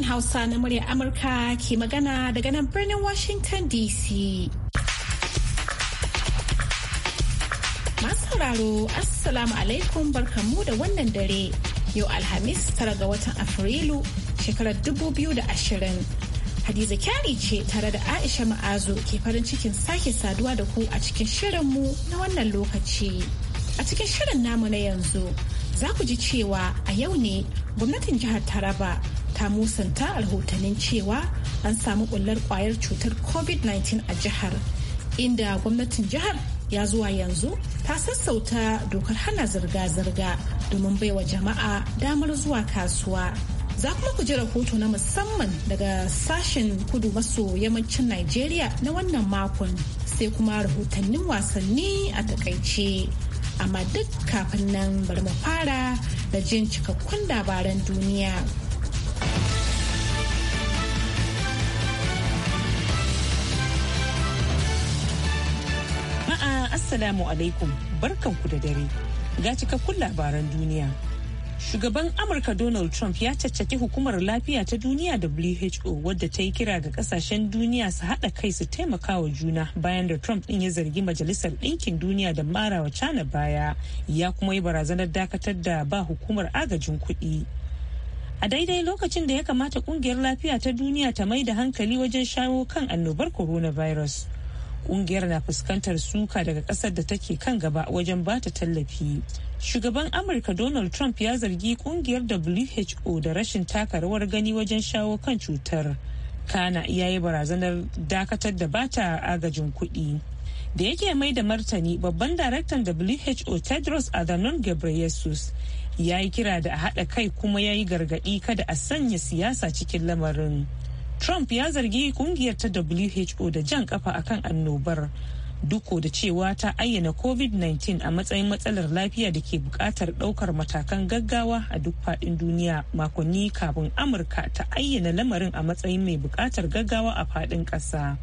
sashen Hausa na murya Amurka ke magana daga nan birnin Washington DC. Masu sauraro, Assalamu alaikum barkamu da wannan dare. Yau Alhamis tara ga watan Afrilu shekarar dubu biyu da ashirin. Hadiza kyari ce tare da Aisha Ma'azu ke farin cikin sake saduwa da ku a cikin mu na wannan lokaci. A cikin shirin namu na yanzu, za ku ji cewa a yau ne gwamnatin jihar Taraba ta musanta rahotannin cewa an samu bullar kwayar cutar covid-19 a jihar inda gwamnatin jihar ya zuwa yanzu ta sassauta dokar hana zirga-zirga domin baiwa jama'a damar zuwa kasuwa za kuma ku ji rahoto na musamman daga sashen kudu maso yammacin nigeria na wannan makon sai kuma rahotannin wasanni a takaice amma duk kafin nan bari mu fara da jin cikakkun labaran duniya. Assalamu alaikum ku da dare ga cikakkun labaran duniya. Shugaban Amurka Donald Trump ya caccaki hukumar lafiya ta duniya WHO wadda ta yi kira ga kasashen duniya su haɗa kai su taimaka wa juna bayan da Trump ɗin ya zargi Majalisar Ɗinkin Duniya da marawa cana baya ya kuma yi barazanar dakatar da ba hukumar agajin kuɗi. a daidai lokacin da ya kamata kungiyar lafiya ta duniya ta mai da hankali wajen shawo kan annobar coronavirus kungiyar na fuskantar suka daga kasar da take kan gaba wajen bata tallafi shugaban amurka donald trump ya zargi kungiyar who da rashin taka rawar gani wajen shawo kan cutar kana ya yi barazanar dakatar da ba ta agajin kuɗi da yake mai da martani babban daraktan who tedros adhanom ghebreyesus ya yi kira da a haɗa kai kuma ya yi gargaɗi kada a sanya siyasa cikin lamarin Trump ya zargi kungiyar ta WHO da jan kafa akan annobar. Duko da cewa ta ayyana COVID-19 a matsayin matsalar lafiya da ke bukatar daukar matakan gaggawa a duk faɗin duniya makonni kafin Amurka ta ayyana lamarin a matsayin mai bukatar gaggawa a faɗin ƙasa.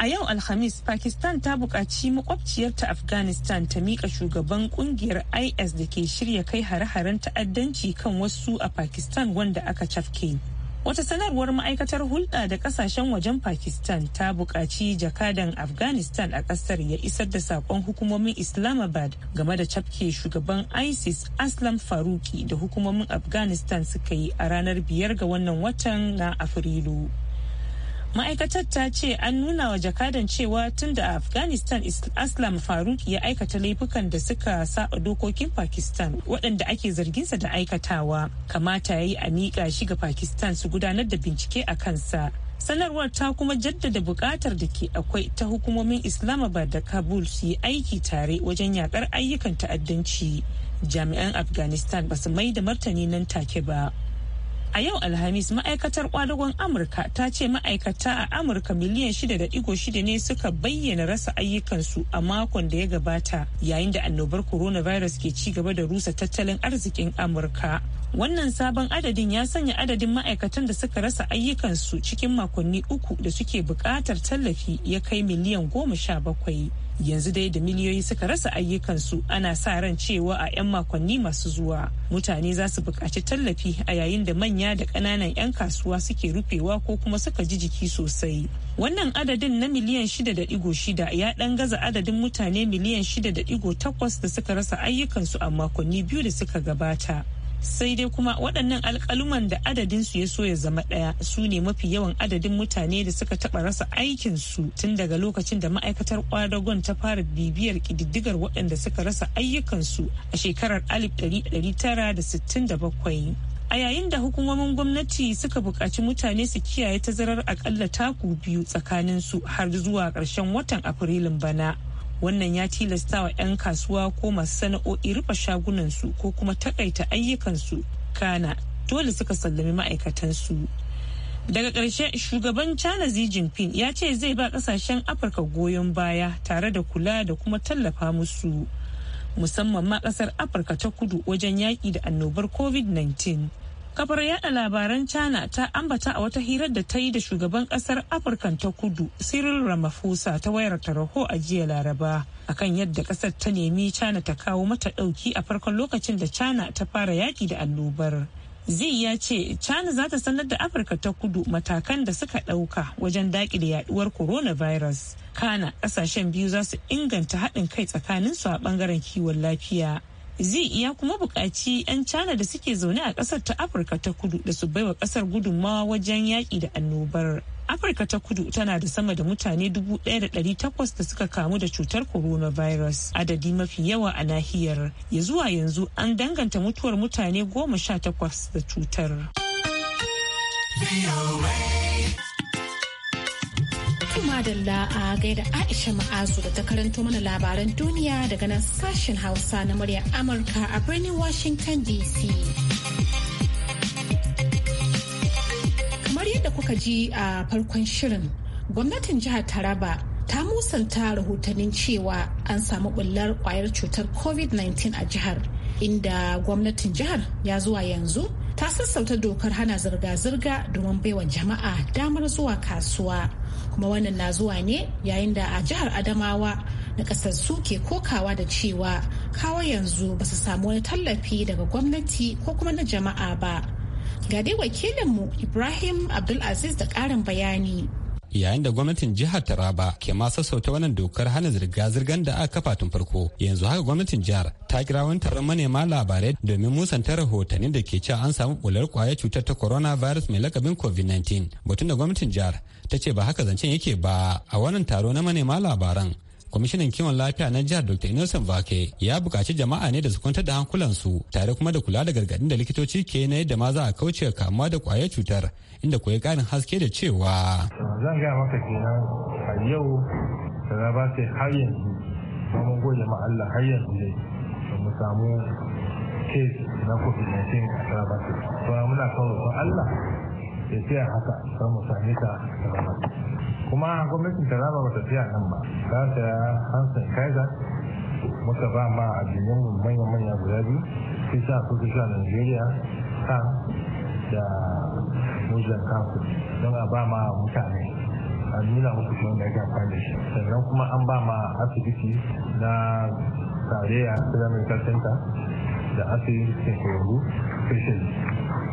A yau Alhamis, Pakistan ta buƙaci makwabciyarta Afghanistan ta miƙa shugaban kungiyar IS da ke shirya kai hare-haren ta'addanci kan wasu a Pakistan wanda aka cafke. Wata sanarwar ma'aikatar hulɗa da kasashen wajen Pakistan ta buƙaci jakadan Afghanistan a ƙasar ya isar da saƙon hukumomin Islamabad game da cafke shugaban ISIS Aslam Faruki da hukumomin Afghanistan suka yi a ranar biyar ga wannan watan na Afrilu. ma'aikatar ta ce an nuna wa jakadan cewa tun da afghanistan aslam faruk ya aikata laifukan da suka saba dokokin pakistan waɗanda ake zarginsa da aikatawa kamata ya yi a miƙa shi ga pakistan su gudanar da bincike a kansa sanarwar ta kuma jaddada buƙatar da ke akwai ta hukumomin islamabad da kabul su yi aiki tare wajen yakar ayyukan ta'addanci jami'an afghanistan ba su mai da martani nan take ba A yau Alhamis ma'aikatar kwadagon Amurka ta ce ma'aikata a Amurka miliyan 6.6 ne suka bayyana rasa ayyukansu a makon da ya gabata yayin da annobar coronavirus ke ci gaba da rusa tattalin arzikin Amurka. wannan sabon adadin ya sanya adadin ma'aikatan da suka rasa ayyukansu cikin makonni uku da suke buƙatar tallafi ya kai miliyan goma sha bakwai yanzu dai da miliyoyi suka rasa ayyukansu ana sa ran cewa a 'yan makonni masu zuwa mutane za su buƙaci tallafi a yayin da manya da ƙananan 'yan kasuwa suke rufewa ko kuma suka ji jiki sosai wannan adadin na miliyan shida da shida ya ɗan gaza adadin mutane miliyan shida da takwas da suka rasa ayyukansu a makonni biyu da suka gabata sai dai kuma waɗannan alƙaluman da adadin su ya so ya zama ɗaya su ne mafi yawan adadin mutane da suka taɓa rasa aikin su tun daga lokacin da ma'aikatar kwadagon ta fara bibiyar ƙididdigar waɗanda suka rasa ayyukan su a shekarar 1967 a yayin da hukumomin gwamnati suka buƙaci mutane su kiyaye tazarar akalla taku biyu tsakanin su har zuwa ƙarshen watan afrilun bana wannan ya tilasta wa 'yan kasuwa ko masu sana'o'i rufe shagunansu ko kuma takaita ayyukansu kana dole suka sallami ma'aikatansu daga ƙarshe shugaban china xi jinping ya ce zai ba ƙasashen afirka goyon baya tare da kula da kuma tallafa musu musamman ma ƙasar afirka ta kudu wajen yaƙi da annobar covid-19 kafar yada labaran china ta ambata a wata hirar da ta yi da shugaban kasar afirkan ta kudu cyril ramaphosa ta wayar tarho a jiya laraba akan yadda kasar ta nemi china ta kawo mata dauki a farkon lokacin da china ta fara yaki da annobar zai ya ce china za ta sanar da afirka ta kudu matakan da suka dauka wajen dakile yaduwar coronavirus kana kasashen biyu za su inganta haɗin kai tsakaninsu a bangaren kiwon lafiya zai iya kuma buƙaci 'yan cana da suke zaune a ƙasar ta Afirka ta kudu da su baiwa ƙasar gudunmawa wajen yaƙi da annobar. Afirka ta kudu tana da sama da mutane 1,800 da suka kamu da cutar coronavirus adadi mafi yawa a nahiyar. Ya zuwa yanzu an danganta mutuwar mutane 18 da cutar. To madalla a gaida Aisha Ma'azu da ta karanto mana labaran duniya daga nan sashen Hausa na muryar Amurka a birnin Washington DC. Kamar yadda kuka ji a farkon shirin, gwamnatin jihar Taraba ta musanta rahotannin cewa an samu bullar kwayar cutar COVID-19 a jihar, inda gwamnatin jihar ya zuwa yanzu ta sassauta dokar hana zirga-zirga domin baiwa jama'a damar zuwa kasuwa. kuma wannan na zuwa ne yayin da a jihar adamawa na kasar su ke kokawa da cewa kawai yanzu ba su samu wani tallafi daga gwamnati ko kuma na jama'a ba ga dai wakilinmu ibrahim abdulaziz da ƙarin bayani yayin da gwamnatin jihar taraba ke ma sassauta wannan dokar hana zirga-zirgar da aka kafa tun farko yanzu haka gwamnatin jihar ta kira wani taron manema labarai domin musanta rahotanni da ke cewa an samu bular kwayar cutar ta corona virus mai lakabin covid-19 batun da gwamnatin jihar ta ce ba haka zancen yake ba a wannan taro na manema labaran kwamishinan kiwon lafiya na jihar dr innocent vake ya bukaci jama'a ne da su kwantar da hankulansu tare kuma da kula da gargadin da likitoci ke na yadda ma za a kauce kamuwa da kwayar cutar inda kuwa karin haske da cewa zan gaya maka kenan a yau da ba sai har yanzu mun gode ma Allah har yanzu dai mu samu kes na covid-19 a sarabata ba muna kawo Allah ya tsaya haka don mu same ta sarabata kuma gwamnatin ta ba ta tafiya nan ba ta saya hansan muka ba ma a mu manya-manya guda biyu Fisa sa kudu sa nigeria kan da muslim kansu don a ba ma mutane a nuna musu kuma da ya shi sannan kuma an ba ma asibiti na tarayya islamic center da asibitin kwayo specialist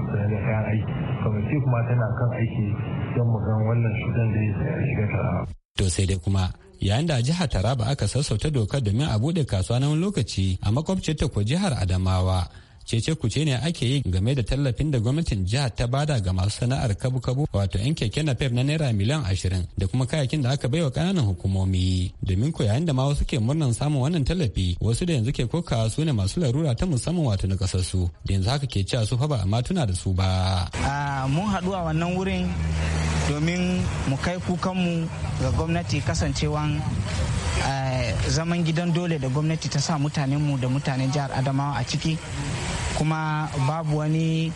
sannan da kayan aiki kwamiti kuma tana kan aiki don mu wannan cutar da ya shiga taraba. To sai dai kuma yayin da jihar Taraba aka sassauta dokar domin a bude kasuwa na wani lokaci a makwabciyar ta ko jihar Adamawa cece kuce ne ake yi game da tallafin da gwamnatin jihar ta bada ga masu sana'ar kabu-kabu wato yan keke na na naira miliyan ashirin da kuma kayakin da aka baiwa kananan hukumomi domin ko yayin da ma wasu ke murnan samun wannan tallafi wasu da yanzu ke kokawa su ne masu larura ta musamman wato na kasassu da yanzu haka ke cewa su fa ba amma tuna da su ba. mun haɗu a wannan wurin domin mu kai kukanmu ga gwamnati kasancewan eh, zaman gidan dole da gwamnati ta sa mutanenmu da mutanen jihar adamawa a ciki kuma babu wani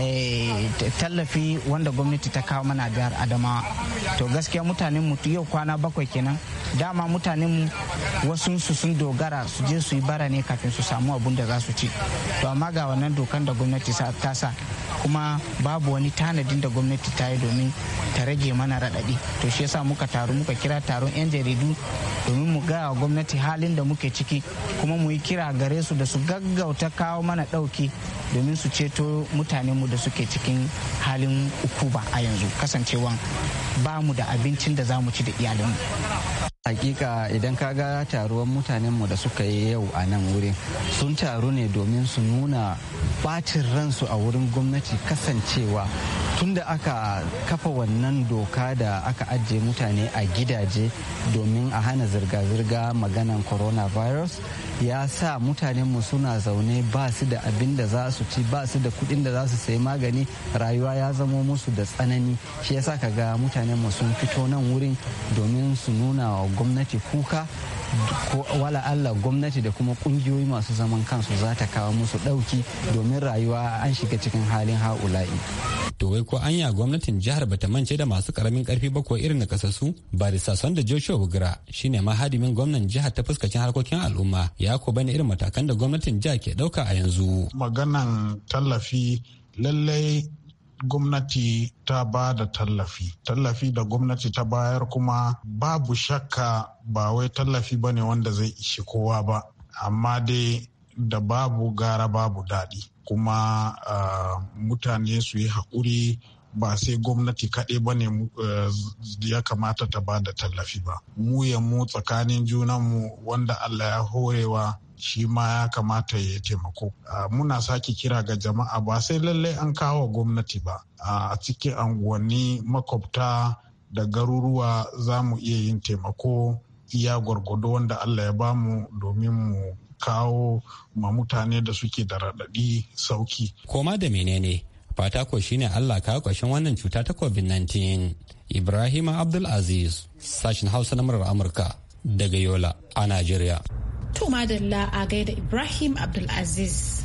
eh, tallafi wanda gwamnati ta kawo mana biyar adamawa to gaskiya mutanen mutu yau kwana bakwai kenan dama mutanen wasu su sun dogara su je su yi bara ne kafin su samu abun da za su ci to amma ga wannan dokan da gwamnati ta sa kuma babu wani tanadin da gwamnati ta yi domin ta rage mana raɗaɗi to shi yasa muka taru muka kira taron 'yan jaridu domin mu gaya gwamnati halin da muke ciki kuma mu yi kira gare su da su gaggauta kawo mana ɗauki domin su ceto mutanenmu da suke cikin halin ukuba a yanzu kasancewan ba mu da abincin da za mu ci da iyalinmu hakika idan ka ga taruwan mutanenmu da suka yi yau a nan wurin sun taru ne domin su nuna bacin ransu a wurin gwamnati kasancewa tunda aka kafa wannan doka da aka ajiye mutane a gidaje domin a hana zirga-zirga maganan coronavirus ya sa mutanenmu suna zaune ba su da abin da za su ci ba su da kudin da za su sayi magani rayuwa ya zamo musu da tsanani shi ya sa ka ga mutanenmu sun fito nan wurin domin su nuna wa gwamnati kuka wala Allah gwamnati da kuma kungiyoyi masu zaman kansu za ta kawo musu ɗauki domin rayuwa an shiga cikin halin ha'ula'i. to wai ko anya gwamnatin jihar bata mance da masu karamin karfi ba ko irin nakasassu barista da joshua Bugra shine mahadimin gwamnan jihar ta fuskacin harkokin al'umma ya ko bane irin matakan da gwamnatin jihar ke dauka a yanzu maganan tallafi lallai gwamnati ta ba da tallafi tallafi da gwamnati ta bayar kuma babu shakka ba wai tallafi ba ne wanda zai ishi kowa ba amma dai da babu gara babu daɗi kuma uh, mutane su yi haƙuri ba sai gwamnati kaɗai ba ne uh, ya kamata ta ba da tallafi ba mu ya mu tsakanin junanmu wanda allah ya horewa shi ma ya kamata ya taimako. Muna sake kira ga jama'a ba sai lallai an kawo gwamnati ba a cikin anguwanni makwabta da garuruwa za mu iya yin taimako iya gwargwado wanda Allah ya bamu domin mu kawo ma mutane da suke da raɗaɗi sauki. Koma da menene fata ko shine Allah ka ƙwashin wannan cuta ta COVID-19. Ibrahim Abdulaziz, sashen Hausa na murar Amurka daga Yola a Najeriya. To madalla a gaida Ibrahim Abdulaziz.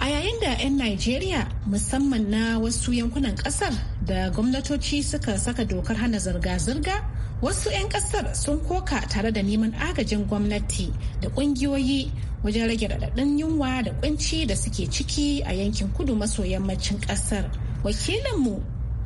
A yayin da 'yan Najeriya musamman na wasu yankunan kasar da gwamnatoci suka saka dokar hana zirga-zirga wasu 'yan kasar sun koka tare da neman agajin gwamnati da ƙungiyoyi wajen rage raɗaɗin yunwa da kunci da suke ciki a yankin kudu maso yammacin kasar. Wakilinmu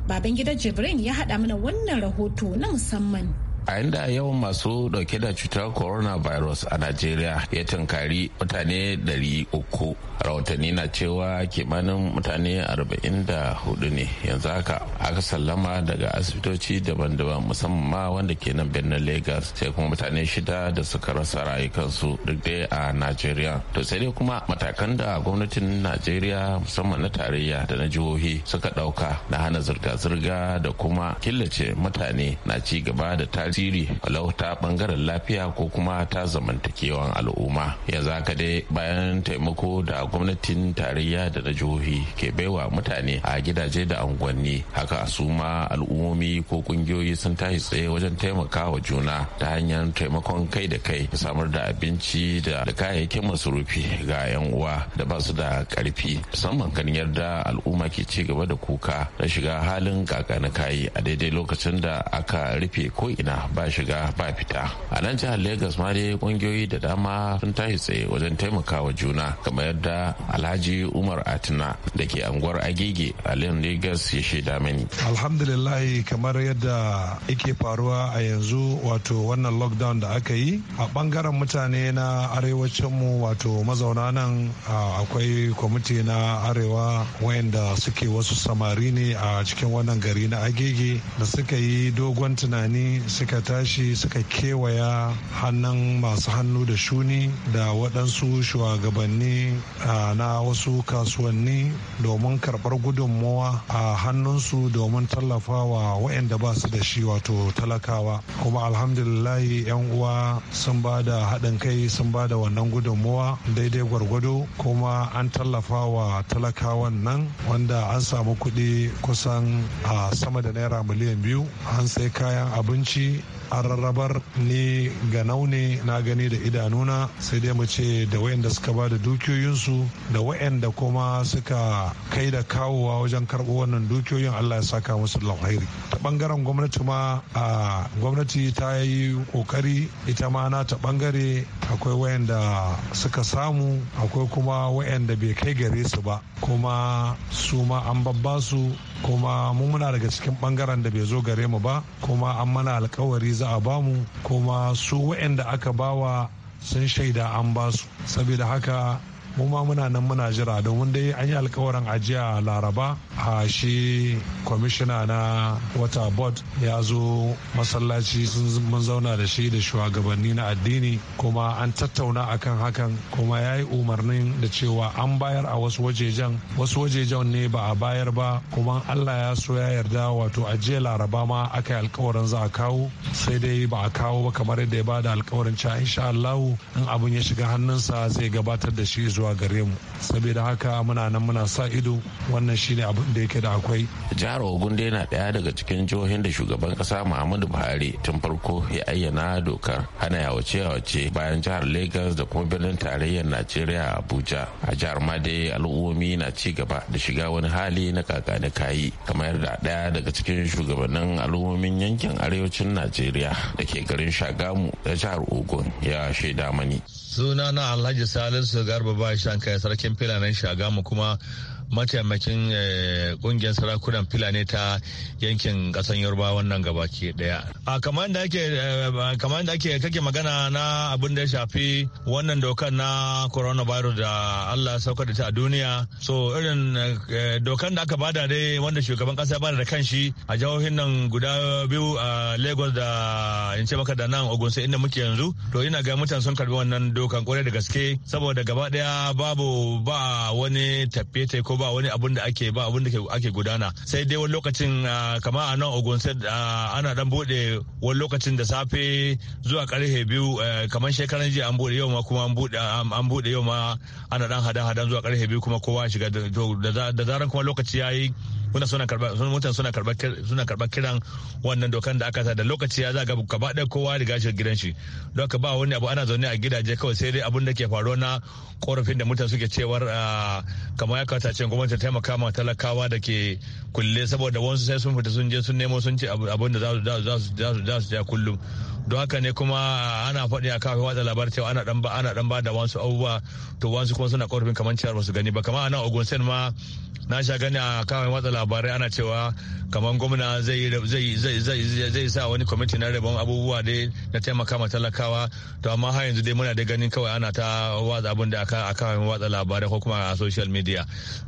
Babangida Jibrin ya haɗa mana wannan rahoto na musamman. a inda yawan masu dauke da cutar coronavirus a najeriya ya tunkari mutane 300 rahotanni na cewa kimanin mutane 44 ne yanzu haka aka sallama daga asibitoci daban-daban musamman ma wanda ke nan birnin lagos sai kuma mutane shida da suka rasa rayukansu duk dai a najeriya to sai dai kuma matakan da gwamnatin najeriya musamman na tarayya da na jihohi suka dauka na hana zirga-zirga da kuma killace mutane na ci gaba da tari tasiri walau ta bangaren lafiya ko kuma ta zamantakewan al'umma yanzu zaka dai bayan taimako da gwamnatin tarayya da na jihohi ke baiwa mutane a gidaje da unguwanni haka su ma al'ummomi ko kungiyoyi sun tashi tsaye wajen taimaka wa juna ta hanyar taimakon kai da kai samar da abinci da kayayyakin masarufi ga 'yan uwa da basu da karfi musamman kan yarda al'umma ke ci gaba da kuka na shiga halin na kayi a daidai lokacin da aka rufe ko ina ba shiga ba fita a nan jihar lagos ma dai kungiyoyi da dama sun tashi tsaye wajen taimakawa juna kamar yadda alhaji umar atina da ke anguwar agege a nan lagos ya shaida mani alhamdulillah kamar yadda ike faruwa a yanzu wato wannan lockdown da aka yi a bangaren mutane na arewacin mu wato mazauna nan akwai kwamiti na arewa wayanda suke wasu samari ne a cikin wannan gari na agege da suka yi dogon tunani suka suka tashi suka kewaya hannun masu hannu da shuni da waɗansu shugabanni na wasu kasuwanni domin karɓar gudunmowa a hannunsu domin tallafawa waɗanda ba su da shi wato talakawa kuma alhamdulillahi 'yan uwa sun ba da haɗin kai sun ba da wannan gudunmowa daidai gwargwado kuma an tallafa wa talakawan nan wanda an samu kuɗi kusan a sama da naira miliyan biyu an sai kayan abinci an rarrabar ni ga naune na gani da idanuna sai dai mu ce da wayanda suka ba da dukiyoyinsu da wayanda kuma suka kai da kawowa wajen karɓo wannan dukiyoyin allah ya saka musu alkhairi ta bangaren gwamnati ma a gwamnati ta yi kokari ita ma na ta ɓangare akwai wayanda suka samu akwai kuma wayanda bai kai gare su ba kuma su ma an babba su kuma mu muna daga cikin bangaren da bai zo gare mu ba kuma an mana alkawari alkawari za a bamu kuma su waɗanda aka bawa sun shaida an basu saboda haka mu ma muna nan muna jira domin dai an yi alkawarin ajiya laraba a shi kwamishina na wata board ya zo masallaci sun mun zauna da shi da shugabanni na addini kuma an tattauna akan hakan kuma ya yi umarnin da cewa an bayar a wasu wajejen wasu wajejen ne ba a bayar ba kuma allah ya so ya yarda wato ajiya laraba ma aka yi alkawarin za a kawo sai dai ba a kawo ba kamar yadda ya bada alkawarin cewa insha allahu in abin ya shiga hannunsa zai gabatar da shi zuwa zuwa gare mu saboda haka muna nan muna sa ido wannan shine abin da yake da akwai jihar ogun dai na daya daga cikin jihohin da shugaban kasa muhammadu buhari tun farko ya ayyana dokar hana yawace yawace bayan jihar lagos da kuma birnin tarayyar najeriya abuja a jihar ma dai al'ummomi na ci gaba da shiga wani hali na kakani kayi kamar da daya daga cikin shugabannin al'ummomin yankin arewacin najeriya da ke garin shagamu da jihar ogun ya shaida mani suna na alhaji salisu garba ba shan kai sarkin filanen shagamu kuma mataimakin kungiyar eh, sarakunan Fulani ta yankin kasan yorba wannan gabaki daya. A kamar da eh, ake kake magana na abin da ya shafi wannan dokar na coronavirus da Allah saukar da ta a duniya. So irin eh, dokar da aka bada dai wanda shugaban kasa bada da kanshi a jihohin nan guda biyu a Lagos da in ce maka da nan Ogun sai inda muke yanzu. To ina ga mutane sun karbi wannan dokan kwarai da gaske saboda gaba daya babu ba wani tafiye ko ko ba wani abun da ake ba abun da ake gudana sai dai wani lokacin ah, kama a nan ogun ah, ana dan bude wani lokacin da safe zuwa karfe biyu eh, kamar shekaran jiya an bude yau ma kuma an bude yau ma ana dan hada-hadan zuwa karfe biyu kuma kowa shiga da zaran kuma lokaci yayi wannan suna karba sun mutan suna karba suna karba kiran wannan dokan da aka sa da lokaci ya zaga gaba ɗaya kowa riga shi gidan shi don ka ba wani abu ana zaune a gidaje kawai sai dai abun da ke faruwa na korafin da mutane suke cewar kamar ya kawata ce gwamnati taimaka ma talakawa da ke kulle saboda wasu sai sun fita sun je sun nemo sun ce abun da za su ja kullum don haka ne kuma ana faɗi a kafin watsa labar cewa ana dan ba ana dan ba da wasu abubuwa to wasu kuma suna korafin kamar cewa ba su gani ba kamar ana ogun ma na sha gani a kawai watsa labarai ana cewa kamar gwamna zai zai sa wani kwamiti na rabon abubuwa dai na taimaka ma talakawa to amma har yanzu dai muna da ganin kawai ana ta watsa abin da aka kawai watsa labarai ko kuma a social media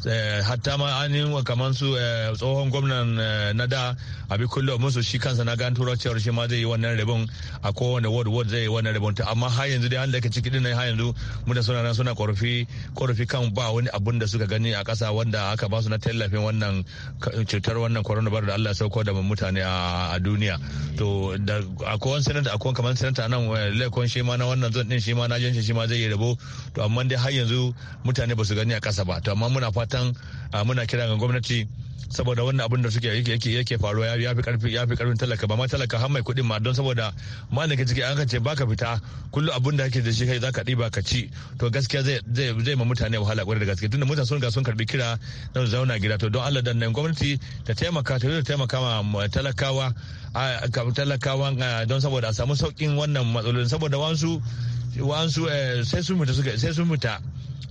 eh, hatta ma an yi kamar su eh, tsohon gwamnan eh, na da abi kullo musu shi kansa na gan turar cewar shi ma zai yi wannan rabon a kowane ward ward zai yi wannan rabon ta amma har yanzu dai an da ke ciki nan har yanzu muna suna suna korafi korafi kan ba wani abun da suka gani a kasa wanda aka ka ba su na tallafin wannan cutar wannan coronavirus da Allah ya sauko da mutane a duniya to da akwai wani sanata akwai kamar senator nan eh, laikon shi ma na wannan zon din shi ma na jinshi shi ma zai yi rabo to amma dai har yanzu mutane ba su gani a kasa ba to amma muna fatan ah, muna kira ga gwamnati saboda wannan abin da suke yake yake faruwa ya fi karfi ya fi karfin talaka ba ma talaka har mai kuɗin ma don saboda ma da ciki an kace baka fita kullum abin da kake da shi kai zaka ɗiba ka ci to gaskiya zai zai zai ma mutane wahala kwarai da gaskiya tunda mutane sun ga sun karbi kira na zauna gida to don Allah dan nan gwamnati ta taimaka ta taimaka ma talakawa talakawa don saboda a samu saukin wannan matsalolin saboda wansu wansu eh, sai sun fita sai sun fita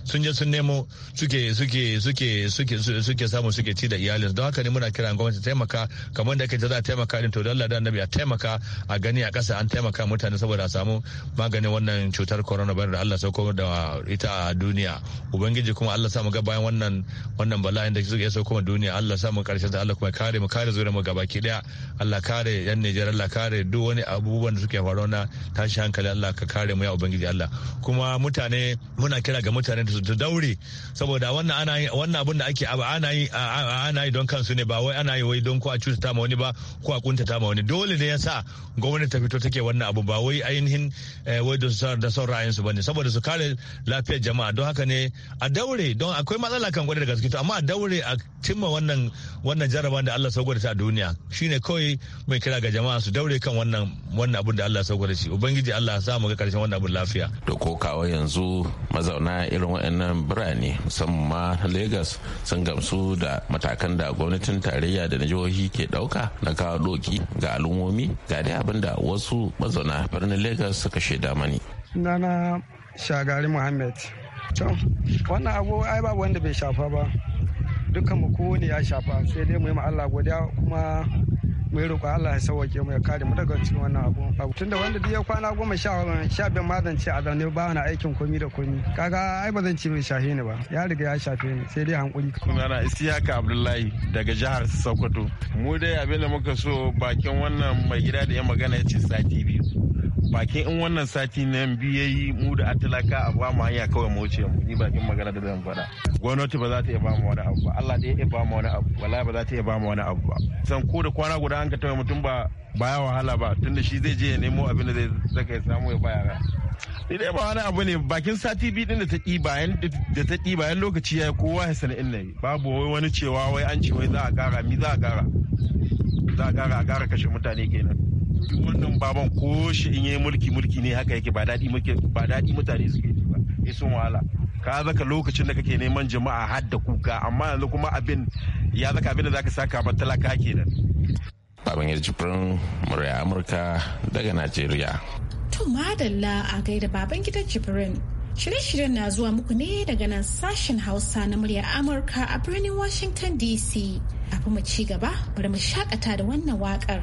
sun je sun nemo suke suke suke suke suke samu suke ci da iyalin don haka ne muna kiran gwamnati taimaka kamar da ake za a taimaka din to dalla da annabi a taimaka a gani a kasa an taimaka mutane saboda a samu maganin wannan cutar corona bayar da Allah sauko da ita a duniya ubangiji kuma Allah sa mu ga bayan wannan wannan bala'in da suke sauko ma duniya Allah sa mu karshen da Allah kuma kare mu kare zuwa mu gabaki daya Allah kare yan Nijar Allah kare duk wani abubuwan da suke faruwa na tashi hankali Allah ka kare mu ya ubangiji Allah kuma mutane muna kira ga mutane mutane da daure saboda wannan wannan abin da ake ana yi ana yi don kansu ne ba wai ana yi wai don ko a cutata ma wani ba ko a kuntata ma wani dole ne yasa gwamnati ta fito take wannan abu ba wai ainihin eh, wai da son ra'ayinsu ba ne saboda su kare lafiyar jama'a don haka ne a daure don akwai matsala kan gwada da gaske to amma a daure a cimma wannan wannan jaraban da Allah saukar ta a duniya shine kawai mai kira ga jama'a su daure kan wannan wannan abun da Allah saukar shi ubangiji Allah ya sa mu ga karshen wannan abun lafiya to ko kawai yanzu mazauna irin irin waɗannan birane musamman ma lagos sun gamsu da matakan da gwamnatin tarayya da na jihohi ke ɗauka na kawo doki ga al'ummomi ga dai abin da wasu mazauna birnin Legas suka shaida mani. Nana Shagari Muhammad. wannan abu ai babu wanda bai shafa ba. dukkan mu ne ya shafa sai dai mu yi Allah godiya kuma mu yi roƙon Allah ya sauwake mu ya kare mu daga cikin wannan abu Tun da wanda duk ya kwana goma sha sha biyar ma zan ce a zaune ba wani aikin komi da komi kaga ai ba zan ce mai shafe ni ba ya riga ya shafe ni sai dai hankuri sunana Isiyaka Abdullahi daga jihar Sokoto mu dai abin da muka so bakin wannan mai gida da ya magana ya ce sati biyu bakin in wannan sati na biyu yayi mu da atalaka a ba mu hanya kawai mu wuce mu ni bakin magana da zan faɗa gwamnati ba za ta iya ba mu wani abu ba Allah da ya ba mu wani abu wallahi ba za ta iya ba mu wani abu ba san ko da kwana guda an ka tawaye mutum ba baya wahala ba tunda shi zai je ya nemo abin da zai saka ya samu ya baya ni dai ba wani abu ne bakin sati biyu din da ta ɗiba da ta ɗiba yan lokaci ya kowa ya sana'in nayi babu wai wani cewa wai an ce wai za a kara mi za a kara za a kara a kara kashe mutane kenan duk wannan baban ko shi in yayi mulki mulki ne haka yake ba daɗi muke ba daɗi mutane suke ji ba ya eh, sun wahala ka zaka lokacin da kake neman jama'a har da kuka amma yanzu kuma abin ya zaka abin da zaka saka ba talaka kenan baban ya jibrin murya amurka daga najeriya to madalla a gaida baban gidan jibrin Shirye-shiryen na zuwa muku ne daga nan sashen Hausa na murya Amurka a birnin Washington DC. Kafin mu ci gaba, bari mu shakata da wannan wakar.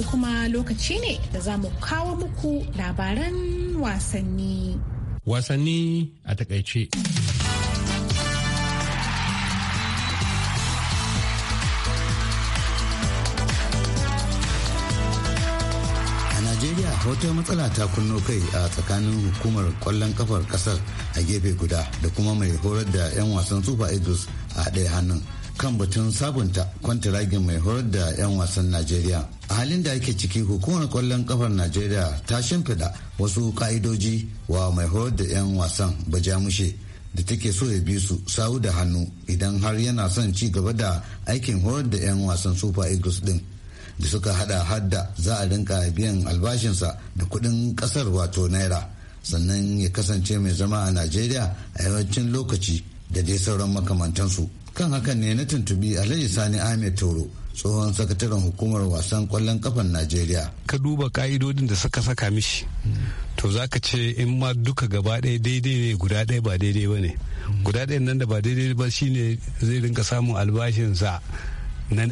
yanzu kuma lokaci ne da za mu kawo muku labaran wasanni. Wasanni a takaice. wata matsala ta kunno kai a tsakanin hukumar kwallon kafar kasar a gefe guda da kuma mai horar da 'yan wasan tsufa idris a ɗaya hannun kan batun sabunta kwantiragin mai horar da 'yan wasan Najeriya. A halin da ake ciki hukumar kwallon kafar Najeriya ta shimfiɗa wasu ka'idoji wa mai horar da 'yan wasan bajamushe da take so ya bi su sawu da hannu idan har yana son ci gaba da aikin horar da 'yan wasan Super Eagles din. da suka hada hadda za a rinka biyan albashinsa da kuɗin ƙasar wato naira sannan ya kasance mai zama a najeriya a yawancin lokaci da dai sauran makamantansu kan hakan ne na tuntubi alhaji sani ahmed toro tsohon sakataren hukumar wasan kwallon kafan najeriya ka duba ka'idodin da suka saka mishi to za ka ce in ma duka gaba ɗaya daidai ne guda ɗaya ba daidai ba ne guda ɗaya nan da ba daidai ba shine zai rinka samun albashinsa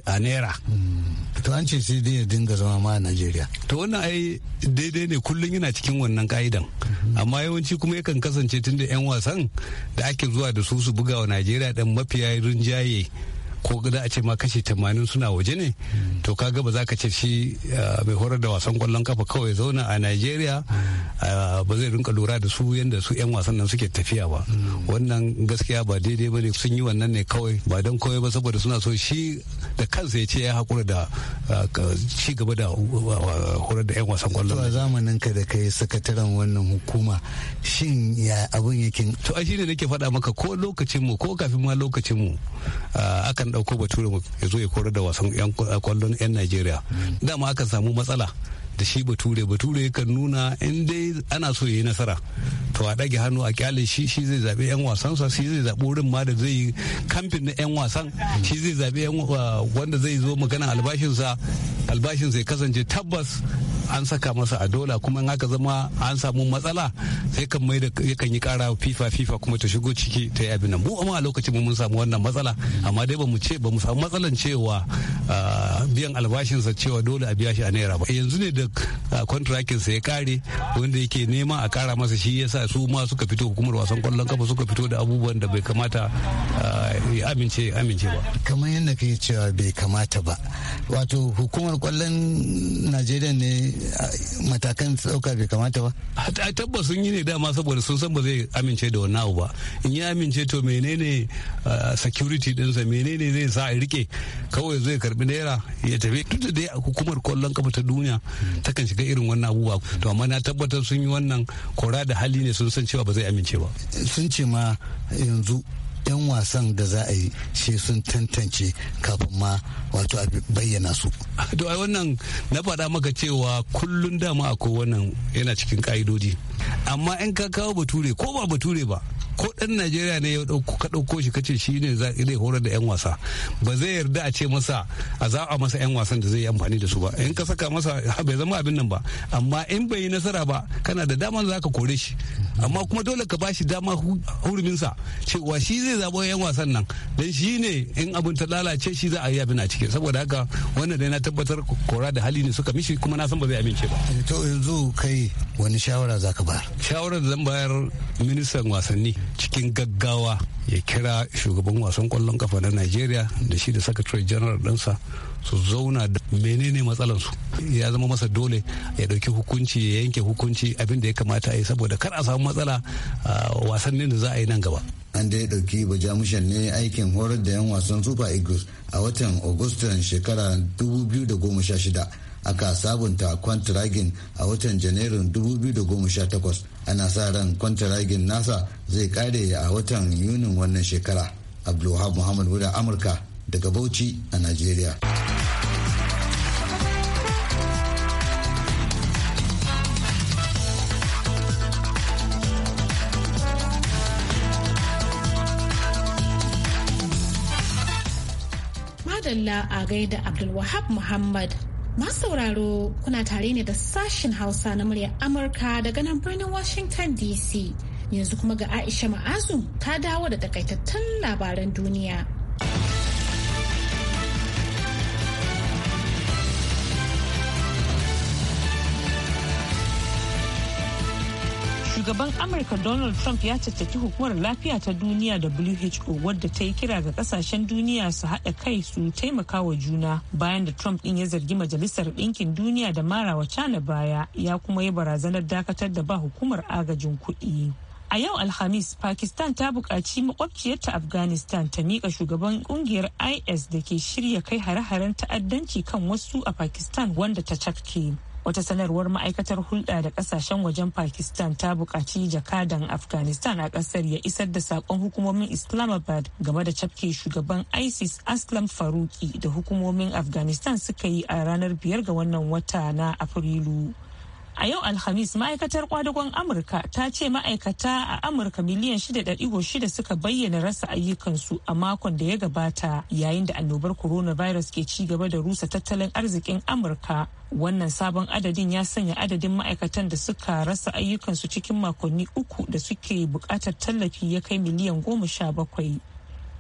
a naira hmm. to an ce sai dai ya dinga zama ma a najeriya to wannan ai daidai ne kullum yana cikin wannan ka'idan hmm. amma yawanci kuma yakan kasance tun da yan wasan da ake zuwa da su su buga wa najeriya dan mafiya rinjaye ko za a ce ma kashi tamanin suna waje ne to kaga ba za ka ce shi mai horar da wasan kwallon kafa kawai zauna a nigeria ba zai rinka lura da su yadda su 'yan wasan nan suke tafiya ba wannan gaskiya ba daidai ba ne sun yi wannan ne kawai ba don kawai ba saboda suna so shi da kansa ya ce ya haƙura da ci gaba da horar da 'yan wasan kwallon a zamanin ka da kai sakataren wannan hukuma shin ya abin yake to a shine nake faɗa maka ko lokacin mu ko kafin ma lokacin mu akan ɗauko bature ya zo ya korar da wasan kwallon 'yan najeriya dama aka samu matsala da shi bature bature kan nuna in dai ana so ya yi nasara to a ɗage hannu a kyale shi shi zai zaɓi 'yan wasansa shi zai zaɓi wurin ma da zai yi kamfin na 'yan wasan shi zai zaɓi wanda zai zo magana albashinsa albashin ya kasance tabbas an saka masa a dola kuma in haka zama an samu matsala sai kan mai da yakan yi kara fifa fifa kuma ta shigo ciki ta yi abin nan mu amma a lokacin mun samu wannan matsala amma dai bamu ce bamu samu matsalan cewa biyan albashinsa cewa dole a biya shi a naira ba yanzu ne da kontrakin sa ya kare wanda yake nema a kara masa shi yasa su ma suka fito hukumar wasan kwallon kafa suka fito da abubuwan da bai kamata uh, ya amince amince ba kamar yadda kai cewa bai kamata ba wato hukumar kwallon najeriya ne uh, matakan tsauka bai kamata ba tabbas sun yi ne dama saboda sun san ba zai amince da wannan abu ba in ya amince to menene uh, security dinsa menene zai sa a rike kawai zai karbi naira ya tafi duk da dai hukumar kwallon kafa ta duniya takan shiga irin wannan abubuwa to amma na tabbatar sun yi wannan kora da hali ne sun san cewa ba zai amince ba sun ce ma yanzu yan wasan da za a yi shi sun tantance kafin ma wato a bayyana su. To ai wannan na faɗa maka cewa kullun dama akwai wannan yana cikin ƙa'idodi. Amma in ka kawo bature ko ba bature ba ko dan najeriya ne ya ka ɗauko shi kace shi ne zai horar da yan wasa ba zai yarda a ce masa a a masa yan wasan da zai yi amfani da su ba in ka saka masa bai zama abin nan ba amma in bai yi nasara ba kana da dama za ka kore shi amma kuma dole ka bashi dama huruminsa cewa shi zai zabo yan wasan nan dan shi ne in abin ta lalace shi za a yi abin a cikin saboda haka wannan dai na tabbatar kora da hali ne suka mishi kuma na san ba zai amince ba to yanzu kai wani shawara za ka bayar Shawara da zan bayar ministan wasanni cikin gaggawa ya kira shugaban wasan kwallon kafa na Najeriya da shi da sakatare general ɗinsa su zauna da menene matsalansu ya zama masa dole ya ɗauki hukunci ya yanke hukunci abin da ya kamata a yi saboda kar a samu matsala wasannin da za a yi nan gaba. an dai ɗauki bajamushan ne aikin horar da 'yan wasan super eagles a watan augustan shekara 2016 aka sabunta kwantiragin a watan janairun 2018 ana sa ran kwantaragin nasa zai kare a watan yunin wannan shekara abdulwahab muhammad wuda amurka daga bauchi a nigeria. Madalla a gaida Abdulwahab Muhammad Masu sauraro kuna tare ne da sashen Hausa na muryar Amurka daga nan birnin Washington DC. Yanzu kuma ga Aisha Ma'azu ta dawo da takaitattun labaran duniya. shugaban amurka donald trump ya caccaki hukumar lafiya ta duniya who wadda ta yi kira ga kasashen duniya su haɗa kai su taimaka wa juna bayan da trump ɗin ya zargi majalisar ɗinkin duniya da marawa cana baya ya kuma yi barazanar dakatar da ba hukumar agajin kuɗi A yau Alhamis, Pakistan ta buƙaci makwabciyarta Afghanistan ta miƙa shugaban ƙungiyar IS da ke shirya kai hare-haren ta'addanci kan wasu a Pakistan wanda ta cafke. wata sanarwar ma'aikatar hulɗa da ƙasashen wajen pakistan ta buƙaci jakadan afghanistan a ƙasar ya isar da saƙon hukumomin islamabad game da cafke shugaban isis aslam faruki da hukumomin afghanistan suka yi a ranar biyar ga wannan wata na afrilu A yau Alhamis ma'aikatar kwadagon Amurka ta ce ma'aikata a Amurka miliyan 6.6 suka bayyana rasa ayyukansu a makon da ya gabata yayin da annobar coronavirus ke ci gaba da rusa tattalin arzikin Amurka. Wannan sabon adadin ya sanya adadin ma'aikatan da suka rasa ayyukansu cikin makonni uku da suke bukatar tallafi ya kai miliyan goma sha bakwai.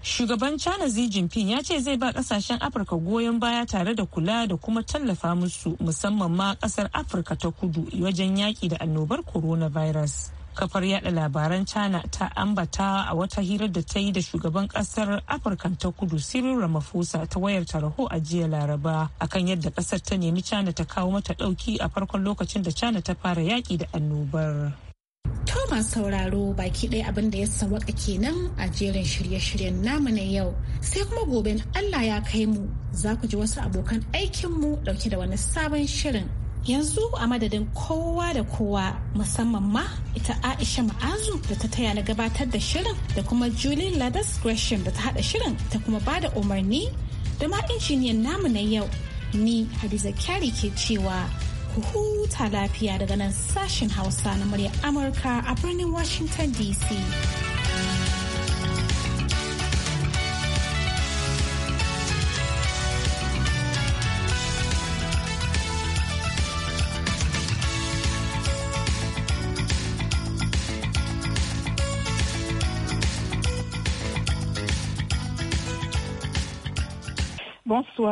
Shugaban China Xi Jinping ya ce zai ba kasashen Afirka goyon baya tare da kula da kuma tallafa musu musamman ma kasar Afirka ta kudu wajen yaƙi da annobar coronavirus. Kafar yada labaran China ta ambata a wata hirar da ta yi da shugaban kasar Afirka ta kudu Cyril Ramaphosa ta wayar tarho a jiya Laraba akan yadda kasar ta nemi China ta kawo mata ɗauki a farkon lokacin da China ta fara yaƙi da annobar. To masu sauraro baki ɗaya abin da ya sawaka kenan a jerin shirye-shiryen namu na yau. Sai kuma gobe Allah ya kai mu za ku ji wasu abokan aikinmu ɗauke da wani sabon shirin. Yanzu a madadin kowa da kowa musamman ma ita Aisha Ma'azu da ta taya na gabatar da shirin da kuma Julie Ladas Gresham da ta haɗa shirin ta kuma ba da umarni da ma injiniyan namu na yau. Ni Hadiza Kyari ke cewa ku huta lafiya daga nan sashen Hausa na murya Amurka a birnin Washington DC. Bonsoir.